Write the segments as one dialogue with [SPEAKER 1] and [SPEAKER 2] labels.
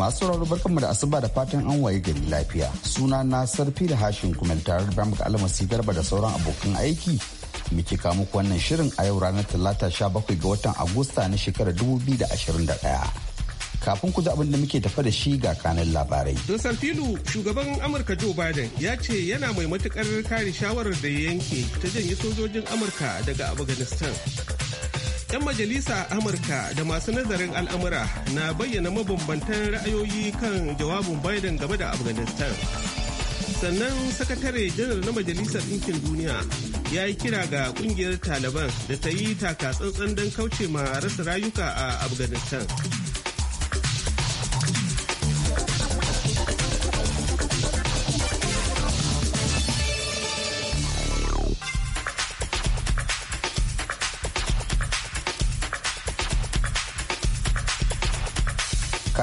[SPEAKER 1] masu sauraro barkanmu da asuba da fatan an waye gari lafiya suna na sarfi da hashin kuma tare da bamu almasi garba da sauran abokan aiki muke kawo muku wannan shirin a yau ranar talata 17 ga watan agusta na shekarar 2021 kafin ku ji abin da muke tafa da shi ga kanin labarai.
[SPEAKER 2] Dosar Filu shugaban Amurka Joe Biden ya ce yana mai matukar kare shawarar da ya yanke ta janye sojojin Amurka daga Afghanistan. 'Yan majalisa Amurka da masu nazarin al'amura na bayyana mabambantan ra'ayoyi kan jawabin Biden game da Afghanistan. Sannan sakatare janar na Majalisar Ɗinkin Duniya ya yi kira ga kungiyar Taliban da ta yi taka tsantsan don kauce ma rasa rayuka a Afghanistan.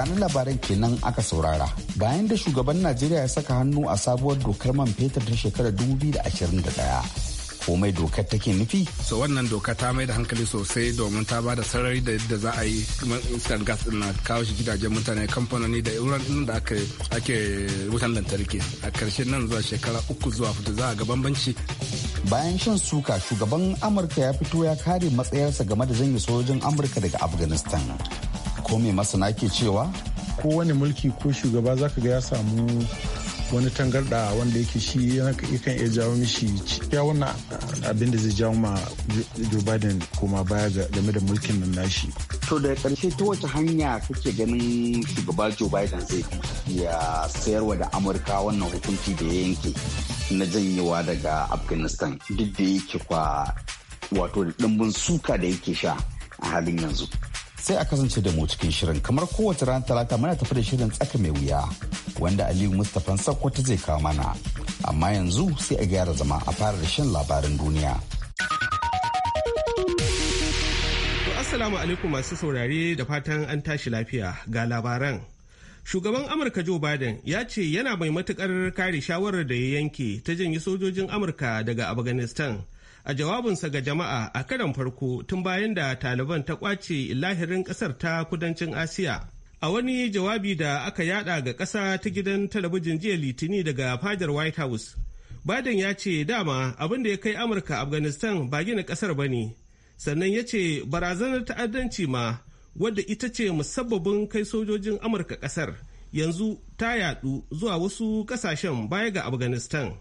[SPEAKER 1] kanin labaran kenan aka saurara bayan da shugaban najeriya ya saka hannu a sabuwar dokar man fetur ta shekarar 2021 komai dokar take nufi.
[SPEAKER 3] so wannan doka ta mai da hankali sosai domin ta ba da sarari da yadda za a yi iskar gas din na kawo shi gidajen mutane kamfanoni da wuran din da ake ake
[SPEAKER 1] wutan lantarki a karshe nan zuwa shekara uku zuwa fito za a ga bambanci. bayan shan suka shugaban amurka ya fito ya kare matsayarsa game da zanyi sojojin amurka daga afghanistan ko mai masana ke cewa
[SPEAKER 4] Ko wani mulki ko shugaba zaka ga ya samu wani tangarda wanda yake shi yakan iya jawo mishi ya wannan abin da zai jawo ma Joe Biden koma baya game da mulkin nan nashi.
[SPEAKER 1] To da karshe ta wace hanya kake ganin shugaba Joe Biden zai ya sayarwa da Amurka wannan hukunci da ya yanke na janyewa daga Afghanistan duk da yake kwa wato da ɗimbin suka da yake sha a halin yanzu. sai a kasance da mu cikin shirin kamar kowace ranar talata muna tafi da shirin tsaka mai wuya wanda aliyu mustapha sakkwata zai kawo mana amma yanzu sai a gyara zama a fara da shan labaran duniya Assalamu
[SPEAKER 2] alaikum masu saurare da fatan an tashi lafiya ga labaran. Shugaban Amurka Joe Biden ya ce yana mai matukar kare shawarar da ya yanke ta janye sojojin Amurka daga Afghanistan a jawabinsa ga jama'a a karan farko tun bayan da taliban ta kwace lahirin kasar ta kudancin asiya a wani jawabi da aka yada ga kasa ta gidan talabijin jiya litini daga fadar white house biden ya ce dama abin da ya kai amurka afghanistan ba gina kasar ba ne sannan ya ce barazanar ta'addanci ma wadda ita ce musabbabin kai sojojin amurka kasar yanzu ta yadu zuwa wasu kasashen baya ga afghanistan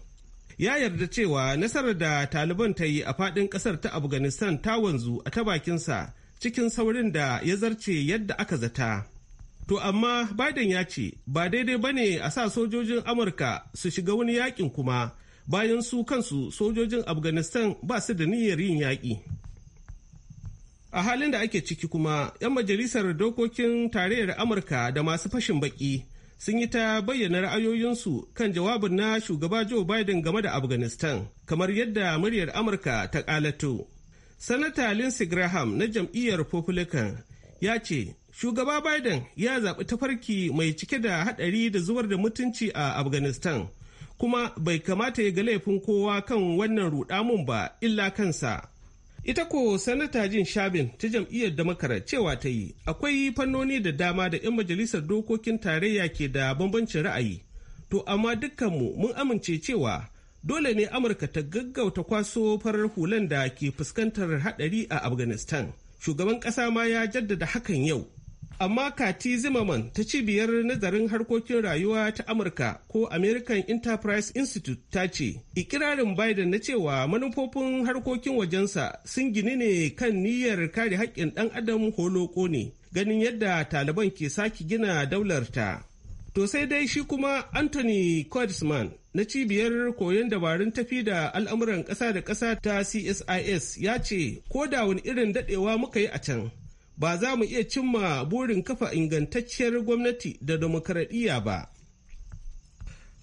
[SPEAKER 2] ya yarda cewa nasarar da taliban ta yi a fadin kasar ta afghanistan ta wanzu a ta bakinsa cikin saurin da ya zarce yadda aka zata to amma biden ya ce ba daidai bane a sa sojojin amurka su shiga wani yakin kuma bayan su kansu sojojin afghanistan ba su da niyyar yin yaƙi a halin da ake ciki kuma 'yan majalisar dokokin tarayyar amurka da masu fashin baki sun yi ta bayyana ra'ayoyinsu kan jawabin na shugaba Joe Biden game da Afghanistan, kamar yadda muryar Amurka ta kalato. Sanata Lindsey Graham na jam'iyyar Republican ya ce, Shugaba Biden ya zaɓi tafarki mai cike da haɗari da zubar da mutunci a Afghanistan, kuma bai kamata ya ga laifin kowa kan wannan ruɗamun ba illa kansa. Ita ko Sanata Jin Shabin ta jam'iyyar damakara cewa ta yi akwai fannoni da dama da 'yan majalisar dokokin tarayya ke da bambancin ra'ayi. To amma dukkanmu mun amince cewa dole ne Amurka ta gaggauta kwaso farar hulan da ke fuskantar haɗari a Afghanistan. Shugaban ƙasa ma ya jaddada hakan yau. amma kati zimaman ta cibiyar nazarin harkokin rayuwa ta amurka ko american enterprise institute ta ce ikirarin biden na cewa manufofin harkokin wajensa sun gini ne kan niyyar kare haƙƙin ɗan adam holoko ne ganin yadda taliban ke sake gina daular ta to sai dai shi kuma anthony kodisman na cibiyar koyon dabarun tafi da al'amuran ƙasa da ƙasa ta csis ya ce ko da wani irin daɗewa muka yi a can ba za mu iya cimma burin kafa ingantacciyar gwamnati da demokaradiyya ba.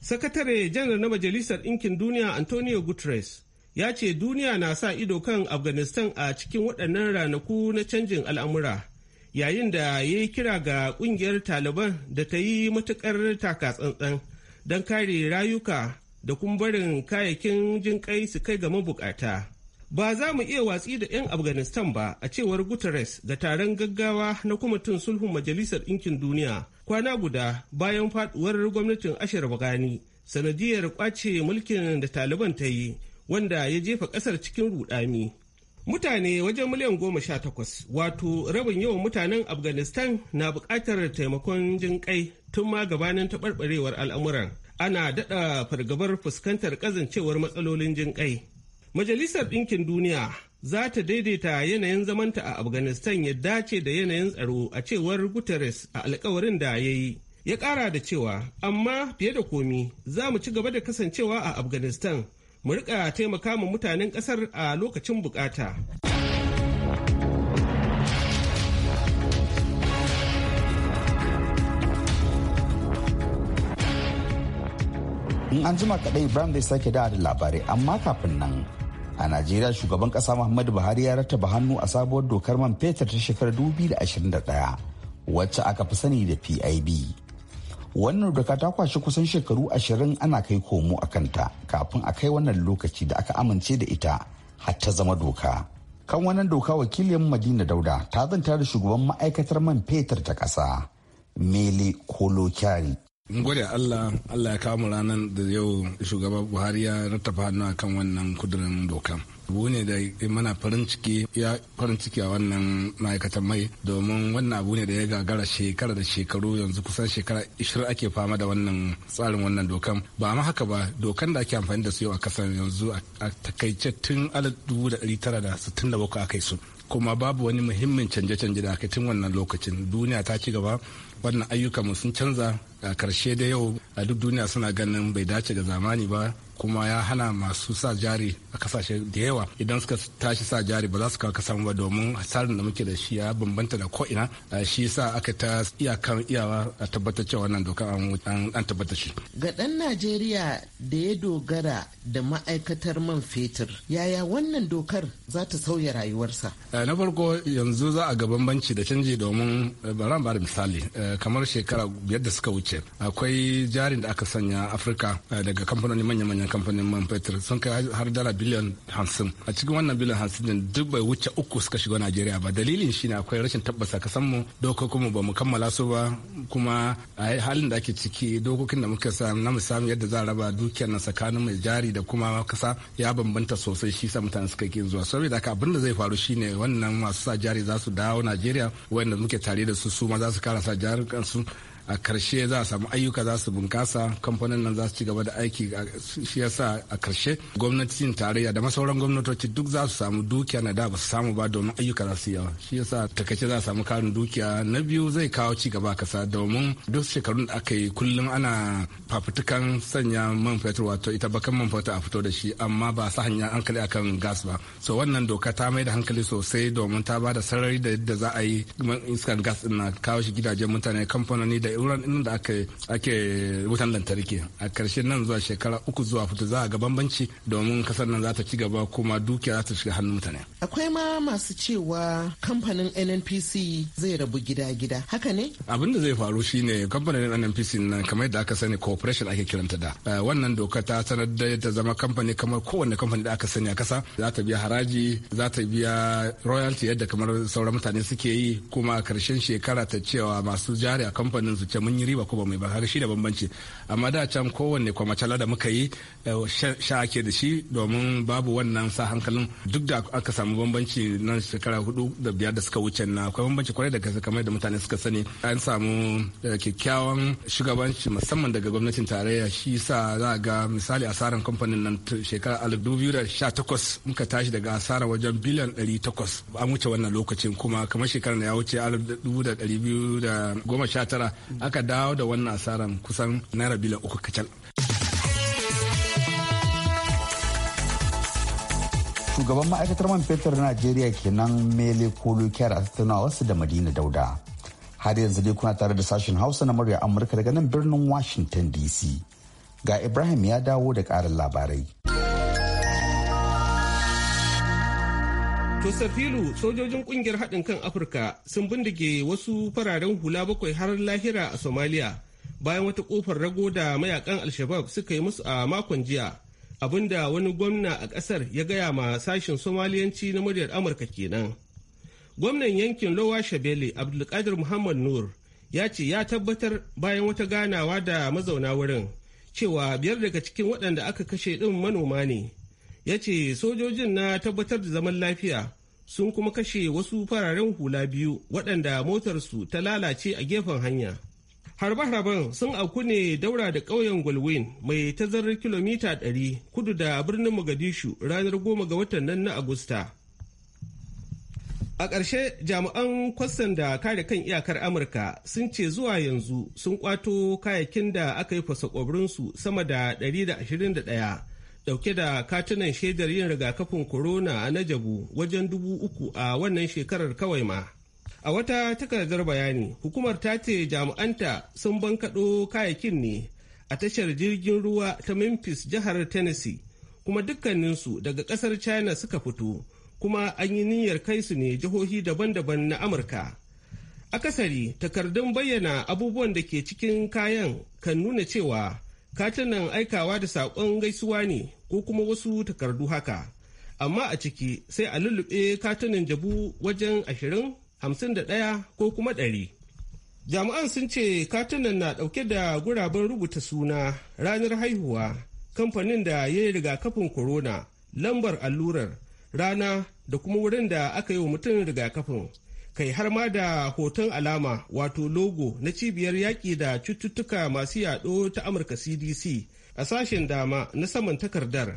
[SPEAKER 2] Sakatare janar na Majalisar Ɗinkin Duniya Antonio Guterres ya ce duniya na sa ido kan Afghanistan a cikin waɗannan ranaku na canjin al'amura yayin da ya yi kira ga ƙungiyar Taliban da ta yi matuƙar takatsantsan don kare rayuka da kuma barin kayayyakin jin kai su kai ga mabuƙata. Ba za mu iya watsi da 'yan Afghanistan ba a cewar Guterres ga taron gaggawa na kwamitin sulhun Majalisar Ɗinkin Duniya kwana guda bayan faduwar gwamnatin Ashir Bagani sanadiyar kwace mulkin da Taliban ta yi wanda ya jefa ƙasar cikin rudani Mutane wajen miliyan goma sha takwas wato rabin yawan mutanen Afghanistan na buƙatar taimakon jinƙai tun ma gabanin taɓarɓarewar al'amuran. Ana daɗa fargabar fuskantar ƙazancewar matsalolin jinƙai. Majalisar Ɗinkin Duniya za ta daidaita yanayin zamanta a Afghanistan ya dace da yanayin tsaro a cewar Guterres a alkawarin da ya yi. Ya ƙara da cewa, amma fiye da komi za mu ci gaba da kasancewa a Afghanistan, mu riƙa taimaka ma mutanen ƙasar a lokacin bukata.
[SPEAKER 1] In an jima kaɗai Ibrahim zai sake da labarai, amma kafin nan a najeriya shugaban kasa muhammadu buhari ya rattaba hannu a sabuwar dokar man fetur ta shekarar 2021 wacce aka fi sani da pib wannan doka ta kwashi kusan shekaru ashirin ana kai komo a kanta kafin a kai wannan lokaci da aka amince da ita har ta zama doka kan wannan doka wakilin madina dauda ta zanta da shugaban ma'aikatar man fetur ta ƙasa mele kolokyari
[SPEAKER 3] gwada gode Allah Allah ya kawo mu ranar da yau shugaba Buhari ya rattafa hannu kan wannan kudurin doka abu ne da mana farin ciki ya farin ciki a wannan ma'aikatan mai domin wannan abu ne da ya gagara shekara da shekaru yanzu kusan shekara ishirin ake fama da wannan tsarin wannan dokan ba ma haka ba dokan da ake amfani da su yau a kasar yanzu a takaice tun dubu da ɗari tara da sittin da bakwai aka su kuma babu wani muhimmin canje-canje da aka tun wannan lokacin duniya ta ci gaba wannan ayyukanmu sun canza a karshe da yau a duk duniya suna ganin bai dace ga zamani ba kuma ya hana masu sa jari a kasashe da yawa idan suka tashi sa jari ba za su kawo kasan ba domin hasarin da muke da shi ya bambanta da ko'ina shi sa aka ta iyakan iyawa a tabbatar cewa wannan doka an tabbatar shi
[SPEAKER 5] ga dan najeriya da ya dogara da ma'aikatar man fetur yaya wannan dokar za ta sauya rayuwarsa
[SPEAKER 3] eh, na farko yanzu za a ga bambanci da canji domin eh, bara ba da misali eh, kamar shekara biyar da suka wuce akwai jarin da aka sanya afirka daga kamfanoni manya-manya na kamfanin man fetur sun kai har dala biliyan hamsin a cikin wannan biliyan hamsin din duk bai wuce uku suka shiga najeriya ba dalilin shi ne akwai rashin tabbasa kasan mu dokokin mu ba mu kammala su ba kuma a halin da ake ciki dokokin da muka sa na musamman yadda za a raba dukiyar na tsakanin mai jari da kuma kasa ya bambanta sosai shi sa mutane suka ki zuwa saboda haka abin da zai faru shine wannan masu sa jari za su dawo najeriya wanda muke tare da su su ma za su kara sa jari kansu a karshe za a samu ayyuka za su bunkasa kamfanin nan za su ci gaba da aiki shi yasa a karshe gwamnatin tarayya da masauran gwamnatoci duk za su samu dukiya na da ba su samu ba domin ayyuka za su yawa shi yasa takaice za a samu karin dukiya na biyu zai kawo ci gaba kasa domin duk shekarun da aka yi kullum ana fafutukan sanya man fetur wato ita bakan man fetur a fito da shi amma ba sa hanya hankali akan gas ba so wannan doka ta mai da hankali sosai domin ta ba da sarari da yadda za a yi iskan gas ina na kawo shi gidajen mutane kamfanoni da wurin da aka ake wutan lantarki a karshe nan zuwa shekara uku zuwa fito za a ga bambanci domin kasar nan za ta ci gaba kuma dukiya za ta shiga hannun mutane
[SPEAKER 5] akwai ma masu cewa kamfanin NNPC zai rabu gida-gida haka ne
[SPEAKER 3] abin da zai faru shine kamfanin NNPC nan kamar yadda aka sani corporation ake kiranta da eh, wannan doka ta sanar da yadda zama kamfani kamar kowane kamfani da aka sani a kasa za ta biya haraji za ta biya royalty yadda kamar sauran mutane suke yi kuma a karshen shekara ta cewa masu jari a kamfanin su su ce mun yi riba ko ba mu ba kaga shi da bambanci amma da can kowanne kwamacala da muka yi eh, sha ake da shi domin babu wannan sa hankalin duk da aka samu bambanci nan shekara hudu da biyar da suka wuce na akwai bambanci kwarai da gaske kamar da mutane suka sani an samu eh, kyakkyawan shugabanci musamman daga gwamnatin tarayya shi sa za ga misali asaran kamfanin nan shekara alif dubu biyu da sha takwas muka tashi daga asara wajen biliyan ɗari takwas an wuce wannan lokacin kuma kamar shekarar da ya wuce alif dubu da ɗari biyu da goma sha tara aka dawo da wannan asaran kusan naira biliyan
[SPEAKER 1] uku kacal shugaban ma'aikatar man fetur na najeriya kenan mele kolo a tattauna wasu da madina dauda har yanzu dai kuna tare da sashen hausa na murya amurka daga nan birnin washington dc ga ibrahim ya dawo da karin labarai
[SPEAKER 2] To Safilu sojojin kungiyar haɗin kan Afirka sun bindige wasu fararen hula bakwai har lahira a Somalia bayan wata kofar rago da mayakan Alshabab suka yi musu a makon jiya abinda wani gwamna a ƙasar ya gaya ma sashen Somaliyanci na muryar Amurka kenan. Gwamnan yankin Lowa Shabele Abdulkadir Muhammad Nur ya ce ya tabbatar bayan wata ganawa da mazauna wurin cewa biyar daga cikin waɗanda aka kashe ɗin manoma ne. ya ce sojojin na tabbatar da zaman lafiya sun kuma kashe wasu fararen hula biyu waɗanda motarsu ta lalace a gefen hanya harba harben sun auku ne daura da ƙauyen gwalwin mai tazarar kilomita 100 kudu da birnin mogadishu ranar goma ga watan nan na agusta a ƙarshe jami'an kwastan da kare kan iyakar amurka sun ce zuwa yanzu sun kwato kayakin da aka yi fasa kwabrinsu sama da 121 dauke da katunan shaidar yin rigakafin corona a najabu wajen dubu uku a wannan shekarar kawai ma a wata takardar bayani hukumar ta ce jami'anta sun bankaɗo kayakin ne a tashar jirgin ruwa ta memphis jihar tennessee kuma dukkaninsu daga kasar china suka fito kuma an yi niyyar kai su ne jihohi daban-daban na amurka akasari takardun bayyana abubuwan da ke cikin kayan kan nuna cewa katunan aikawa da saƙon gaisuwa ne ko kuma wasu takardu haka amma a ciki sai a lullube katunan jabu wajen ashirin hamsin da ɗaya ko kuma ɗari jami'an sun ce katunan na ɗauke da guraben rubuta suna ranar haihuwa kamfanin da ya yi rigakafin korona lambar allurar rana da kuma wurin da aka yi wa mutum rigakafin kai har ma da hoton alama wato logo na cibiyar yaƙi da cututtuka masu yaɗo ta amurka cdc a sashen dama na saman takardar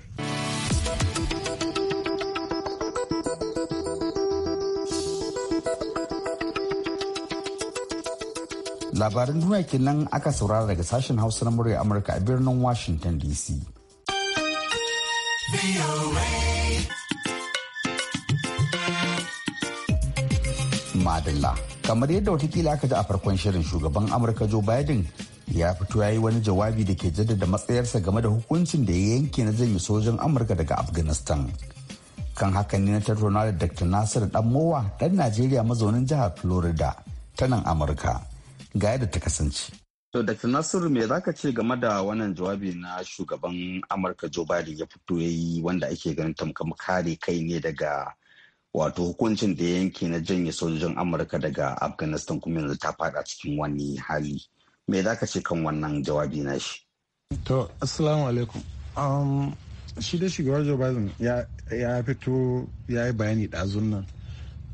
[SPEAKER 1] labaran duniya kenan aka saurara daga sashen hausa na murya amurka a birnin washington dc madalla kamar yadda watakila aka ji a farkon shirin shugaban amurka joe biden ya fito ya yi wani jawabi da ke jaddada matsayarsa game da hukuncin da ya yanke na janye sojan amurka daga afghanistan kan haka ne na tattauna da dr nasir mowa dan najeriya mazaunin jihar florida ta nan amurka ga yadda ta kasance to dr nasir me za ka ce game da wannan jawabi na shugaban amurka joe biden ya fito ya yi wanda ake ganin tamkar kare kai ne daga wato hukuncin da yanke na janye sojojin amurka daga afghanistan kuma yanzu ta fada cikin wani hali mai za ka ce kan wannan jawabi na shi
[SPEAKER 4] to assalamu alaikum um, shi da shugaban joe biden ya fito ya yi bayani ɗazun nan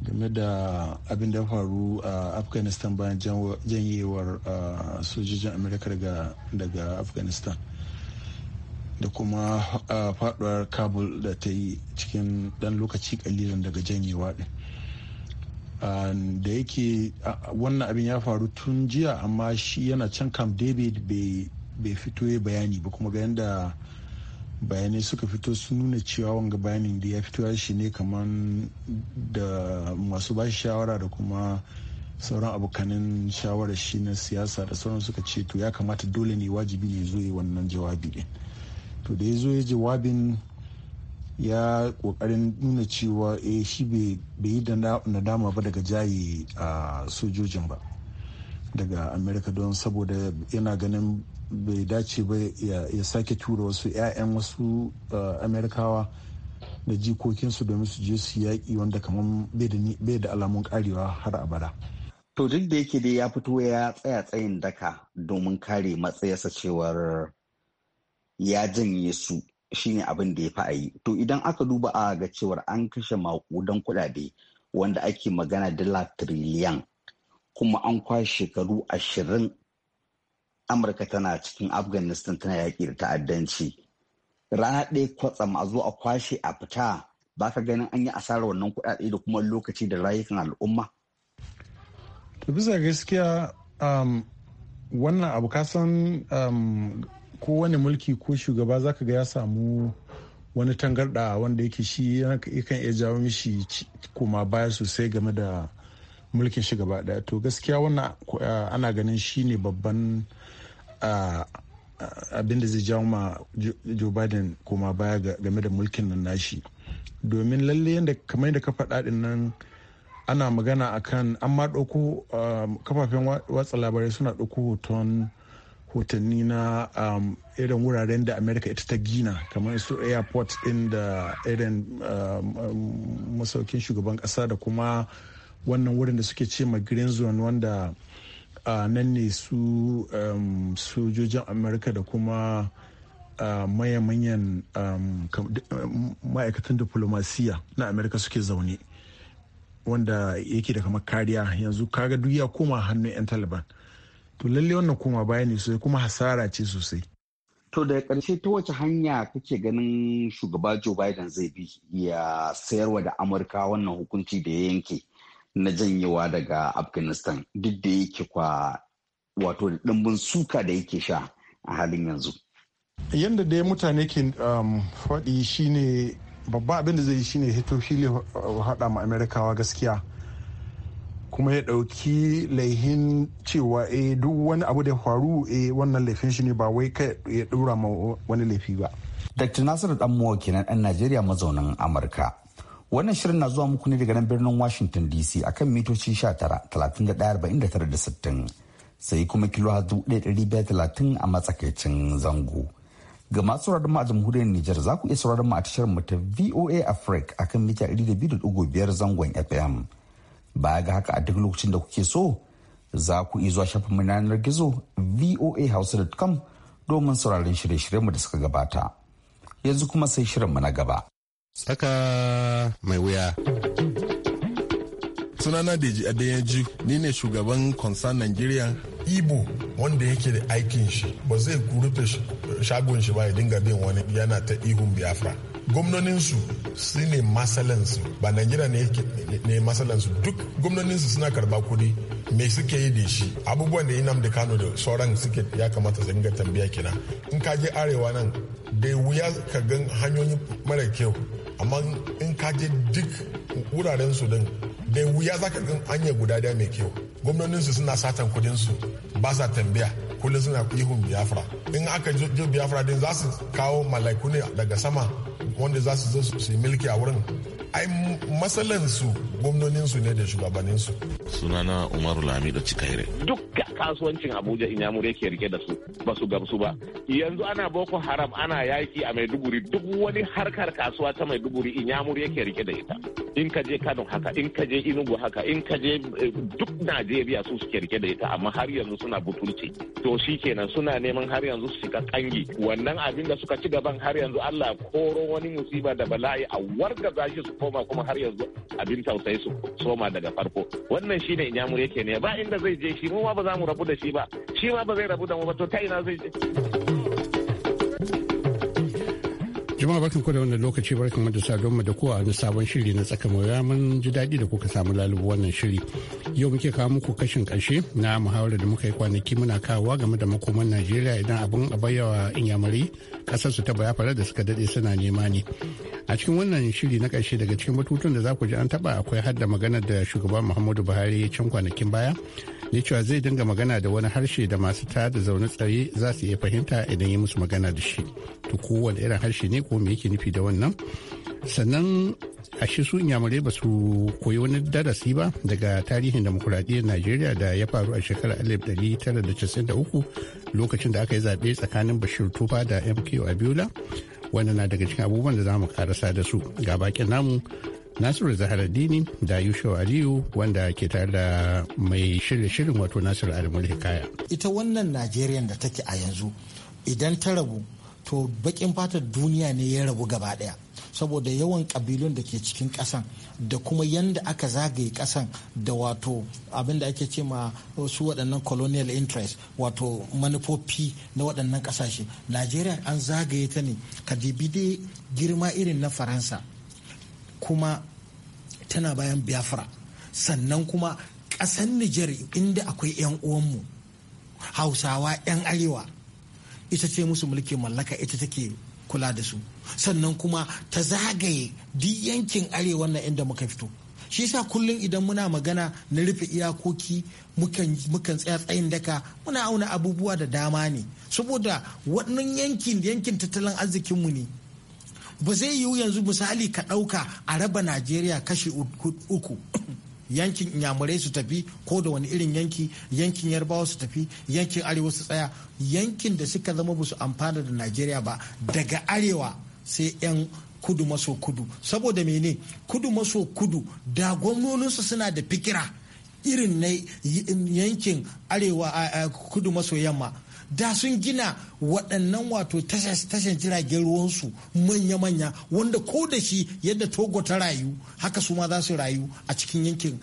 [SPEAKER 4] game da abin da faru a afghanistan bayan janyewar uh, sojojin amurka daga afghanistan da kuma faduwar kabul da ta yi cikin dan lokaci kalilan daga janyewa din da yake wannan abin ya faru tun jiya amma shi yana can camp david bai fito ya bayani ba kuma ga da bayanai suka fito su nuna cewa wanga bayanin da ya fito ya shi ne kamar da masu ba shawara da kuma sauran abokanin shawarar shi na siyasa da sauran suka ce to ya kamata dole ne wajibi ne zo wannan jawabi din to da ya zo ya jawabin ya kokarin nuna cewa eh shi bai yi da nadama ba daga jayi a sojojin ba daga amerika don saboda yana ganin bai dace ba ya sake tura wasu 'ya'yan wasu amerikawa da jikokinsu domin su je su yaƙi wanda kamar bai da alamun karewa har abada
[SPEAKER 1] to duk da yake dai ya fito ya tsaya tsayin daka domin kare matsayarsa cewar ya janye su shine abin da ya fi a yi to idan aka duba a ga cewar an kashe makudan kudade wanda ake magana dala tiriliyan kuma an kwashe shekaru ashirin amurka tana cikin afghanistan tana yaƙi da ta'addanci rana ɗaya kwatsam a zo a kwashe a fita ba ka ganin an yi asarar wannan kudade da kuma lokaci da rayukan al'umma
[SPEAKER 4] bisa gaskiya um, wannan abu kasan um, kowane mulki ko shugaba za ka ga ya samu wani tangarda wanda yake shi yakan iya jawo mishi koma baya sosai game da mulkin shi gaba daya to gaskiya wannan eh, ana ganin shi ne babban eh, abin da zai jawo ma joe biden koma baya game da mulkin nan nashi domin lalle yadda kamar yadda ka faɗa din nan ana magana akan an ɗauko eh, kafafen watsa labarai suna ɗauko hoton hotanni na um, irin wuraren da america ita ta gina kamar su airport din da irin um, um, masaukin shugaban kasa da kuma wannan wurin da suke ce green zone wanda uh, nan ne su sojojin america da kuma uh, manya-manyan ma'aikatan diplomasiya na america suke zaune wanda yake da kamar kariya yanzu kaga duk ya koma hannun 'yan taliban to lalle wannan koma baya ne sosai kuma hasara ce sosai
[SPEAKER 1] to da ƙarshe ta wace hanya kake ganin shugaba joe biden zai bi ya sayarwa da amurka wannan hukunci da ya yanke na janyewa daga afghanistan duk da yake kwa wato ɗimbin suka da yake sha a halin yanzu
[SPEAKER 4] yadda dai mutane ke um, faɗi shine babba abin da zai yi shine hito hili uh, haɗa ma amerikawa gaskiya kuma ya ɗauki
[SPEAKER 1] laihin cewa eh duk wani abu da faru eh wannan laifin shi ne ba wai kai ya ɗora ma wani laifi ba. Dr. Nasiru Danmuwa kenan ɗan Najeriya mazaunin Amurka. Wannan shirin na zuwa muku ne daga nan birnin Washington DC akan mitoci 19 31 da sai kuma kilo talatin a matsakaicin zango. Ga masu sauraron mu a jamhuriyar Nijar za ku iya sauraron mu a tashar mu ta VOA Africa akan mita 200.5 zangon FM. Baya ga haka a duk lokacin da kuke so za ku iya zuwa shafin na yanar gizo voahouse.com domin sauraron shirye-shiryenmu da suka gabata. Yanzu kuma sai shirinmu na gaba.
[SPEAKER 4] Tsaka mai wuya. sunana deji adeyanju ni ne shugaban concern nigeria ibo wanda yake da aikin shi ba zai rufe shagon shi ba ya dinga bin wani yana ta ihun biafra gwamnoninsu su ne masalansu ba najeriya ne masalansu duk gwamnoninsu suna karba kudi me suke yi da shi abubuwan da inam da kano da sauran suke ya kamata su dinga tambaya kina in ka je arewa nan da wuya ka gan hanyoyi mara kyau amma in ka je duk wuraren su din da wuya za ka gan hanya guda daya mai kyau gwamnoninsu suna satan kudinsu ba sa tambaya kullum suna ihun biafra in aka je biafra din za su kawo mala'iku ne daga sama wanda za su zo su yi mulki a wurin ai matsalansu gwamnoninsu ne da shugabanninsu.
[SPEAKER 6] sunana umaru
[SPEAKER 3] lamido cikaire
[SPEAKER 2] duk kasuwancin abuja inyamurai ke rike da su ba su gamsu ba yanzu ana boko haram ana yaki a maiduguri duk wani harkar kasuwa ta maiduguri inyamurai ke rike da ita in ka je Kano haka in ka je inugu haka in ka je eh, duk Najeriya su suke rike da ita amma har yanzu suna butulci to shikenan suna neman har yanzu su shiga kangi wannan abin da suka ci gaban har yanzu Allah koro wani musiba da bala'i a warga shi su koma kuma har yanzu abin tausayi su soma daga farko wannan shine inyamur yake ne ba inda zai je shi mu ma ba za mu rabu da shi ba shi ma ba zai rabu da mu ba to ta ina zai je
[SPEAKER 7] Jama'a barkan ku da wannan lokaci barkan mu da saduwar mu da kowa na sabon shiri na tsaka mai mun ji daɗi da kuka samu lalubu wannan shiri. Yau muke kawo muku kashin ƙarshe na muhawarar da muka yi kwanaki muna kawowa game da makoman Najeriya idan abin a bayyawa inyamuri ƙasar su ta bayafara da suka daɗe suna nema ne. A cikin wannan shiri na ƙarshe daga cikin batutun da za ku ji an taɓa akwai hadda magana da shugaban Muhammadu Buhari ya can kwanakin baya ya cewa zai dinga magana da wani harshe da masu ta da zaune tsaye za su iya fahimta idan ya musu magana da shi to kowane irin harshe ne ko me yake nufi da wannan sannan a shi su inyamurai ba su koyi wani darasi ba daga tarihin demokuraɗiyyar najeriya da ya faru a shekarar 1993 lokacin da aka yi zaɓe tsakanin bashir tufa da mko abiola wanda na daga cikin abubuwan da za mu karasa da su ga bakin namu Nasiru Zaharaddini da Yusho Aliyu wanda ke tare da mai shirye-shirin wato Nasiru Alimul Hikaya.
[SPEAKER 5] Ita wannan Najeriya da take a yanzu idan ta rabu to bakin fatar duniya ne ya rabu gaba daya saboda yawan kabilun da ke cikin kasan da kuma yanda aka zagaye kasan da wato abin ake ce ma su waɗannan colonial interest wato manufofi na waɗannan ƙasashe najeriya an zagaye ta ne ka girma irin na faransa kuma tana bayan biafra sannan kuma ƙasar nijar inda akwai 'yan uwanmu hausawa 'yan arewa ita ce musu mulkin mallaka ita take kula da su sannan kuma ta zagaye duk yankin arewa na inda muka fito shi sa kullum idan muna magana na rufe iyakoki mukan tsaya tsayin daka muna auna abubuwa da dama ne saboda wannan yankin yankin tattalin arzikinmu ne ba zai yiwu yanzu misali ka ɗauka a raba najeriya kashi uku yankin inyamurai su tafi ko da wani irin yanki yankin yarbawa su tafi yankin arewa su tsaya yankin da suka zama ba su amfana da najeriya ba daga arewa sai 'yan kudu maso kudu saboda mene kudu maso kudu da gwamnoninsu suna da fikira irin na yankin arewa kudu maso yamma da sun gina waɗannan wato tashar jiragen ruwansu manya-manya wanda ko da shi yadda togo ta rayu haka su ma za su rayu a cikin yankin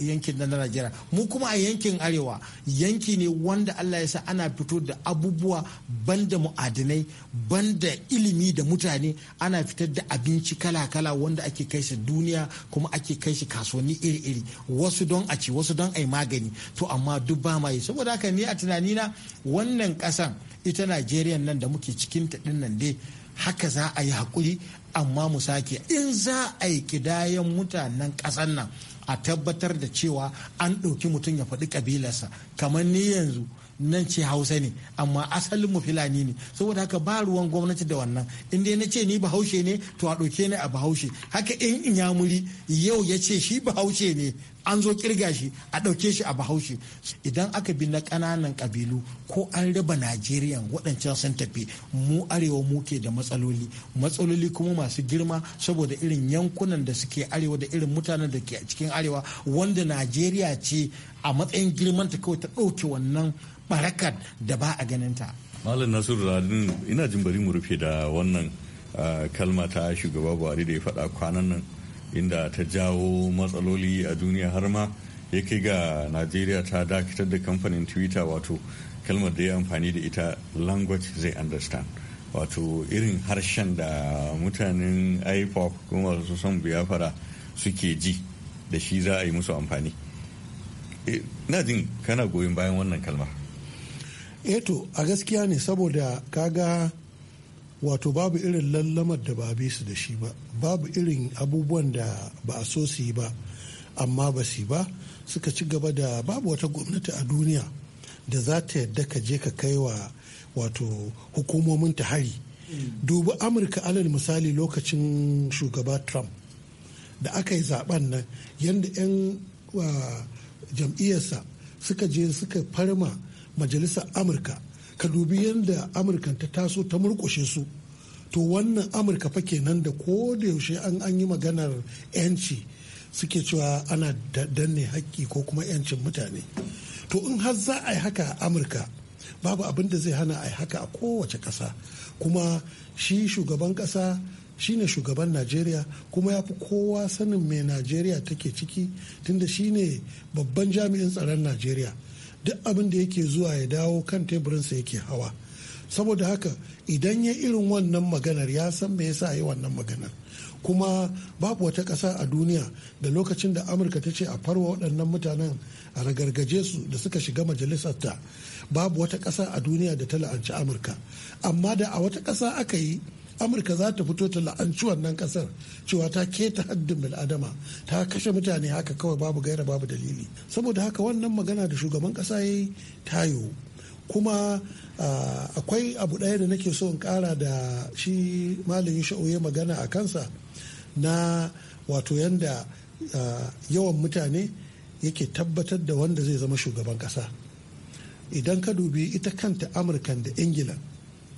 [SPEAKER 5] yankin na najeriya mu kuma a yankin arewa yanki ne wanda allah ya sa ana fito da abubuwa banda mu'adinai banda ilimi da mutane ana fitar da abinci kala-kala wanda ake kai shi duniya kuma ake kai shi kasuwanni iri-iri wasu don a ci wasu don a yi magani to amma duk ba ma yi saboda haka ni a tunanina wannan kasan ita najeriya nan da muke cikin ta nan dai haka za a yi hakuri amma mu sake in za a yi kidayen mutanen ƙasan nan a tabbatar da cewa an ɗauki mutum ya faɗi ƙabilarsa kamar ni yanzu nan ce hausa ne amma asalin mu filani ne saboda haka ba ruwan gwamnati da wannan in dai na ce ni bahaushe ne to a ɗauke ni a bahaushe haka in inyamuri yau ya ce shi bahaushe ne an zo kirga shi a ɗauke shi a bahaushe idan aka bi na kananan kabilu ko an raba najeriya waɗancan sun tafi mu arewa muke da matsaloli matsaloli kuma masu girma saboda irin yankunan da suke arewa da irin mutanen da ke cikin arewa wanda najeriya ce a matsayin girman ta kawai ta ɗauke wannan barakar da ba a ganin ta.
[SPEAKER 6] malam nasiru radin ina jin bari mu rufe da wannan ah, kalma ta shugaba buhari da ya faɗa kwanan nan inda ta jawo matsaloli a duniya har ma ya kai ga najeriya ta dakatar da kamfanin twitter wato kalmar da ya amfani da ita language zai understand wato irin harshen da mutanen ipop kuma su son biyafara suke ji da shi za a yi musu amfani eh, na jin kana goyon bayan wannan kalmar
[SPEAKER 8] eto eh a gaskiya ne saboda kaga wato babu irin lallamar da ba bi su da shi ba babu irin abubuwan da ba a so su yi ba amma ba su yi ba suka ci gaba da babu wata gwamnati a duniya da za ta yadda ka je ka kai wa wato hukumomin ta hari mm. dubu amurka alal misali lokacin shugaba trump da aka yi zaben nan yadda 'yan ah, jam'iyyarsa suka je suka farma majalisar amurka ka dubi yadda amurka ta taso ta murƙushe su to wannan amurka fa kenan da ko da yaushe an an yi maganar yanci suke cewa ana danne haƙƙi ko kuma yancin mutane to in har za a yi haka a amurka babu abin da zai hana a yi haka a kowace ƙasa kuma shi shugaban ƙasa shine shugaban najeriya kuma ya fi kowa sanin mai najeriya take ciki tunda shine babban jami'in tsaron najeriya duk abin da yake zuwa ya dawo kan teburinsa yake hawa saboda haka idan ya irin wannan maganar ya san me yasa ya yi wannan maganar kuma babu wata ƙasa a duniya da lokacin da amurka ta ce a farwa waɗannan mutanen a ragargaje su da suka shiga majalisarta babu wata ƙasa a duniya da ta la'anci amurka amma da a wata ƙasa aka yi amurka za ta fito ta la'anci wannan kasar cewa ta keta haddin bil'adama ta kashe mutane haka kawai babu gaira babu dalili saboda haka wannan magana da shugaban kasa ya yi tayo kuma akwai abu ɗaya da nake so in ƙara da shi malamin sha'oye magana a kansa na wato yanda yawan mutane yake tabbatar da wanda zai zama shugaban ƙasa idan ka dubi ita kanta amurkan da ingila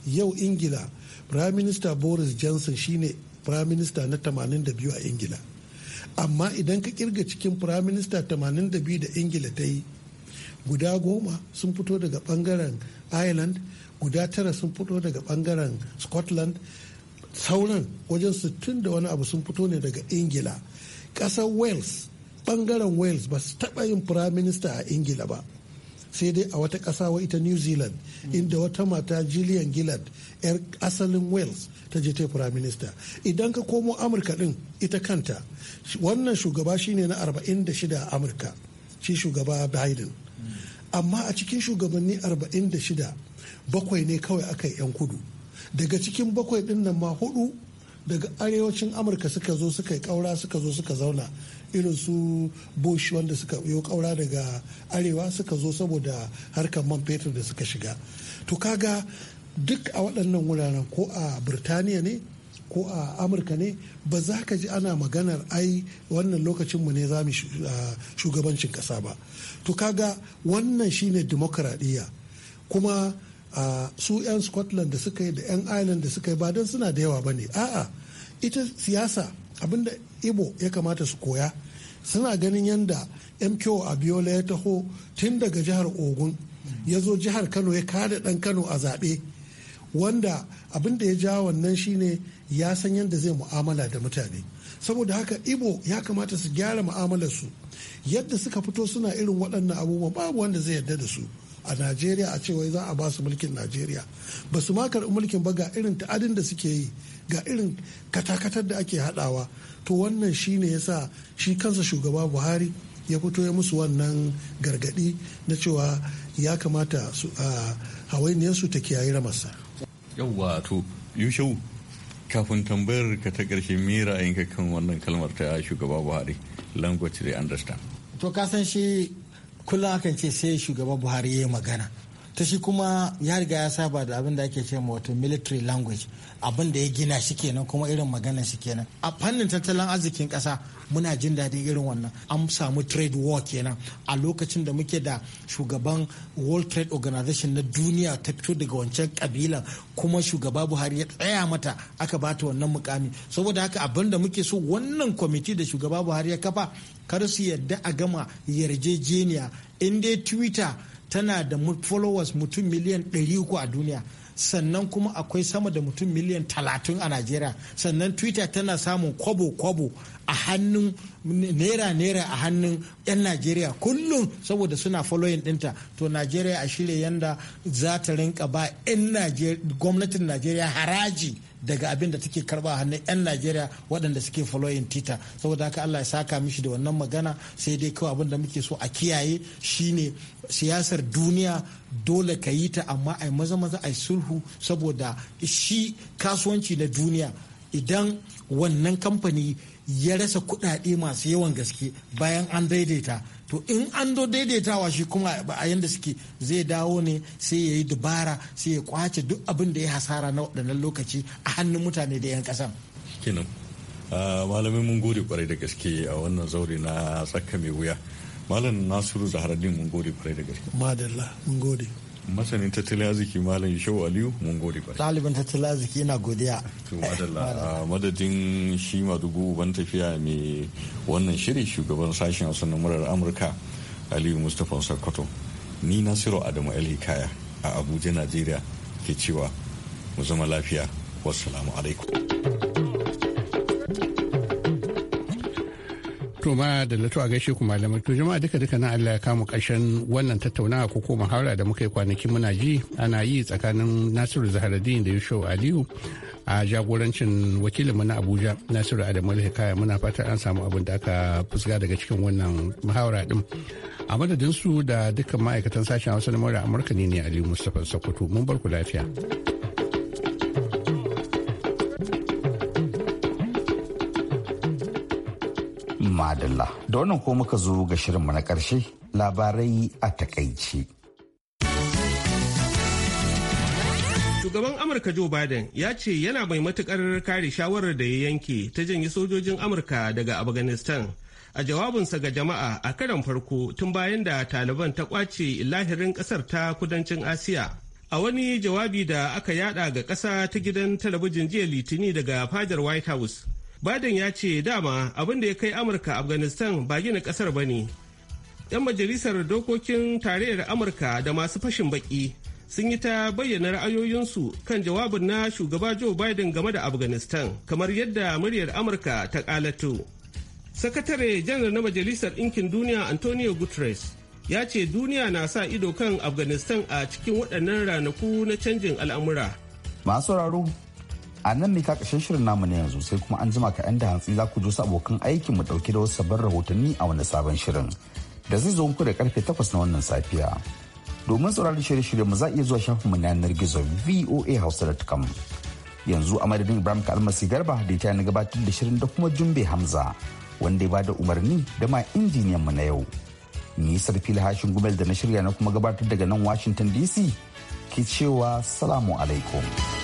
[SPEAKER 8] yau ingila prime minister boris johnson shine prime minister na 82 a ingila amma idan ka kirga cikin prime minister 82 da ingila ta yi guda goma sun fito daga bangaren ireland guda tara sun fito daga bangaren scotland sauran wajen 60 da wani abu sun fito ne daga ingila ƙasar wales bangaren wales ba su taɓa yin prime minister a ingila ba sai dai a wata ƙasa wa ita new zealand inda wata mata jillian gillard 'yar asalin wales ta je ta prime minister idan ka komo amurka din ita kanta wannan shugaba shine na 46 a amurka shi shugaba biden amma a cikin shugabanni 46 bakwai ne kawai aka yi yan kudu daga cikin bakwai din nan ma hudu daga arewacin amurka suka zo suka yi kaura suka zo suka zauna irin su bush wanda suka yi kaura daga arewa suka zo saboda harkar man fetur da suka shiga to kaga duk a waɗannan wuraren ko a birtaniya ne ko a amurka ne ba za ka ji ana maganar ai wannan lokacinmu ne za mu shugabancin ƙasa ba to kaga wannan shine dimokuraɗiyya kuma a su 'yan scotland da suka yi da 'yan ireland da suka yi ba don suna da yawa ba ne a'a ita siyasa abinda ibo ya kamata su koya suna ganin yadda mko abiola ya taho tun daga jihar ogun ya zo jihar kano ya kada dan kano a zaɓe wanda abin ya ja wannan shine ya san yadda zai mu'amala da mutane saboda haka ibo ya kamata su gyara su yadda suka fito suna irin waɗannan abubuwa babu wanda zai yarda da su a najeriya a cewa za a ba su mulkin najeriya ba su ma karɓi mulkin ba ga irin ta'adin da suke yi ga irin katakatar da ake haɗawa to wannan shi ne ya sa shi kansa shugaba buhari ya fito ya musu wannan gargadi na cewa ya kamata su su ta kiyaye ramarsa
[SPEAKER 6] yawwa to yushau kafin tambayar ka ta ƙarshe me ra'ayinka kan wannan kalmar ta shugaba buhari language they understand
[SPEAKER 5] to ka kullum akan ce sai shugaban buhari ya yi magana ta shi kuma ya riga ya saba da abin da ake ce ma wato military language abin da ya gina shi kenan kuma irin magana shi kenan a fannin tattalin arzikin ƙasa muna jin daɗin irin wannan an samu trade war kenan a lokacin da muke da shugaban world trade organization na duniya ta fito daga wancan kabilan kuma shugaba buhari ya tsaya mata aka bata wannan mukami saboda haka abin da muke so wannan kwamiti da shugaba buhari ya kafa kar su yarda a gama yarjejeniya in dai twitter tana da followers mutum miliyan 300 a duniya sannan kuma akwai sama da mutum miliyan 30 a najeriya sannan twitter tana samun kwabo-kwabo a hannun naira-naira a hannun 'yan najeriya kullum saboda suna following dinta to najeriya a shirya yanda za ta rinka ba 'yan gwamnatin najeriya haraji daga abin da take karba hannun 'yan najeriya waɗanda suke following tita saboda haka allah ya saka mishi da wannan magana sai dai kawai abin da muke so a kiyaye shine siyasar duniya dole ka yi ta amma a maza maza a sulhu saboda shi kasuwanci na duniya idan wannan kamfani ya rasa kuɗaɗe masu yawan gaske bayan an daidaita to in an do daidaitawa shi kuma a yanda suke zai dawo ne sai ya yi dubara sai ya kwace duk abin da ya hasara na waɗannan lokaci a hannun mutane da 'yan ƙasan.
[SPEAKER 6] kenan ah, malamin mun gode kwarai da gaske a wannan zaure na tsaka mai wuya Malamin nasiru zaharaddin mun gode kwarai da gaske
[SPEAKER 8] madalla mun gode
[SPEAKER 6] masanin tattalin arziki malam shehu aliyu mun gode ba.
[SPEAKER 5] ɗaliban tattalin arziki yana godiya
[SPEAKER 6] to madadin shi madugu ban tafiya mai wannan shiri shugaban sashen hausa na murar amurka aliyu mustapha sokoto ni nasiru adamu alhikaya a abuja najeriya ke cewa mu zama lafiya wasu alaikum
[SPEAKER 7] To ma da lato a gaishe ku malamai to jama'a duka duka na Allah ya kamu ƙarshen wannan tattaunawa ko ko muhawara da muka yi kwanakin muna ji ana yi tsakanin Nasiru Zaharaddin da Yusuf Aliyu a jagorancin wakilinmu na Abuja Nasiru Adamu Hikaya muna fata an samu abin da aka fusga daga cikin wannan muhawara din. A madadin su da dukkan ma'aikatan sashen Hausa na Amurka ne ne Aliyu Mustapha Sokoto mun bar ku lafiya.
[SPEAKER 1] adalla Da wannan ko muka zo ga shirinmu na ƙarshe labarai a takaici.
[SPEAKER 2] Shugaban Amurka Joe Biden ya ce yana mai matukar kare shawarar da ya yanke ta janye sojojin Amurka daga Afghanistan. A jawabinsa ga jama'a a karon farko tun bayan da Taliban ta kwace lahirin kasar ta kudancin Asiya. A wani jawabi da aka yada ga ƙasa ta gidan talabijin jiya Litini daga fajar White House, Biden ya ce dama abin da ya kai Amurka Afghanistan ba gina kasar ba ne. 'Yan majalisar dokokin tarayyar Amurka da masu fashin baki sun yi ta bayyana ra'ayoyinsu kan jawabin na shugaba Joe Biden game da Afghanistan kamar yadda muryar Amurka ta kalato. Sakatare janar na Majalisar Ɗinkin Duniya Antonio Guterres ya ce duniya na sa ido kan Afghanistan a cikin waɗannan ranaku na canjin al'amura.
[SPEAKER 1] Masu raro a nan ne kakashin shirin namu na yanzu sai kuma an jima ka yan da hantsi za ku su abokan aikin mu dauke da wasu sabbin rahotanni a wani sabon shirin da zai zo muku da karfe takwas na wannan safiya domin sauraron shirye-shiryen mu za iya zuwa shafin mu na yanar gizo VOA voahausa.com yanzu a madadin ibrahim almasi garba da ta na gabatar da shirin da kuma jumbe hamza wanda ya bada umarni da ma injiniyan mu na yau ni sarfi hashin gumel da na shirya na kuma gabatar daga nan washington dc ke cewa salamu alaikum